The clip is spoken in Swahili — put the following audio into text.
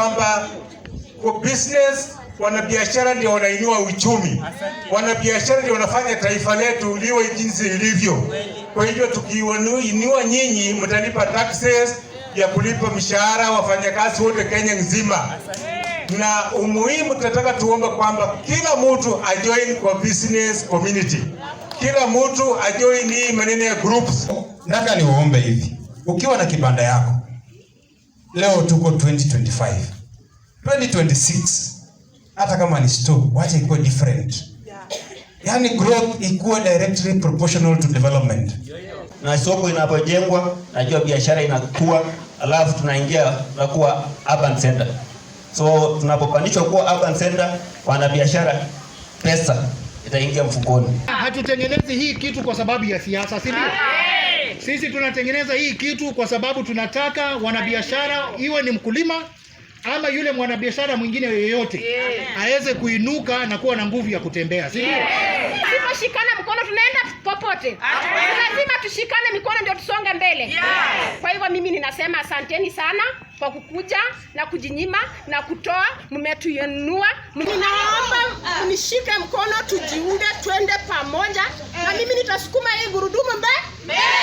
kwamba kwa business wanabiashara ndio wanainua uchumi, wanabiashara ndio wanafanya taifa letu liwe jinsi ilivyo. Kwa hivyo tukiwainua nyinyi, mtalipa taxes ya kulipa mshahara wafanyakazi wote Kenya nzima. Na umuhimu tunataka tuombe kwamba kila mtu ajoin kwa business community, kila mtu ajoin hii maneno ya groups. Nataka niwaombe hivi, ukiwa na kibanda yako Leo tuko 2025. 2026 hata kama ni stop, wacha ikuwe different. yani growth ikuwe directly proportional to development. Na soko inapojengwa, najua biashara inakuwa, alafu tunaingia na kuwa urban center. So tunapopandishwa kuwa urban center, wanabiashara pesa itaingia mfukoni. Hatutengenezi hii kitu kwa sababu ya siasa, si ndio? Sisi tunatengeneza hii kitu kwa sababu tunataka wanabiashara, iwe ni mkulima ama yule mwanabiashara mwingine yoyote, yeah. aweze kuinuka na kuwa na nguvu ya kutembea, si ndio? yeah. mkono tunaenda popote, lazima tushikane mikono ndio tusonge mbele. yes. Kwa hivyo mimi ninasema asanteni sana kwa kukuja na kujinyima na kutoa, mmetuinua. Ninaomba mnishike mkono, tujiunge, twende pamoja, na mimi nitasukuma hii gurudumu mbele.